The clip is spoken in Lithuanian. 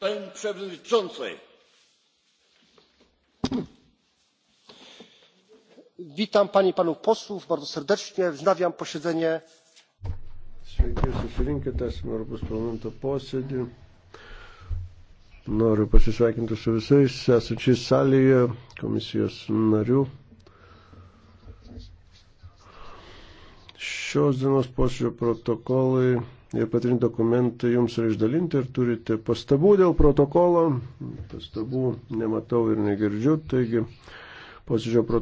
panie przewodniczący! witam panie i panów posłów bardzo serdecznie. wznawiam posiedzenie. sveiki susirinkę tęsiame europos parlamento posėdį. noriu pasisveikinti su visais esančiais salėje komisijos narių. šios dienos posėdžio protokolai ir patrinti dokumentai jums yra išdalinti ir turite pastabų dėl protokolo. Pastabų nematau ir negirdžiu, taigi posėdžio protokolo.